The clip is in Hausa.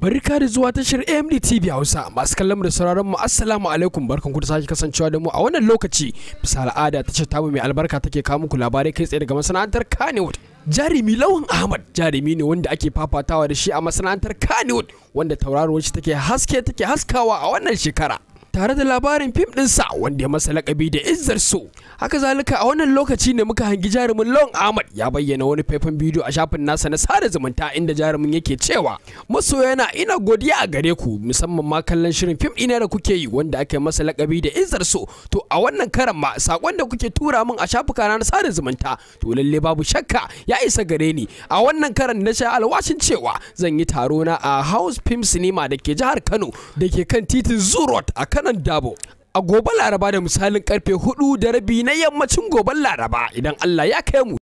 Barka da zuwa tashar AMD TV Hausa masu kallon da sauraron mu assalamu alaikum barkan ku da sake kasancewa da mu a wannan lokaci bisa al'ada tashar tamu mai albarka take kawo muku labarai kai tsaye daga masana'antar kanewood jarumi Lawan Ahmad jarumi ne wanda ake fafatawa da shi a masana'antar kanewood wanda tauraruwar shi take haske take haskawa a wannan shekara tare da labarin fim ɗinsa wanda ya masa lakabi da izzar so haka zalika a wannan lokaci ne muka hangi jarumin long ahmad ya bayyana wani faifan bidiyo a shafin nasa na sada zumunta inda jarumin yake cewa masoya yana ina godiya a gare ku musamman ma kallon shirin fim ɗina da kuke yi wanda aka yi masa lakabi da izzar so to a wannan karan ma saƙon da kuke tura min a shafuka na sada zumunta to lalle babu shakka ya isa gare ni a wannan karan na sha alwashin cewa zan yi taro na a house film cinema da ke jihar kano da ke kan titin zoo road a kanan dabo a gobe laraba da misalin karfe hudu da rabi na yammacin gobe laraba idan allah ya kai mu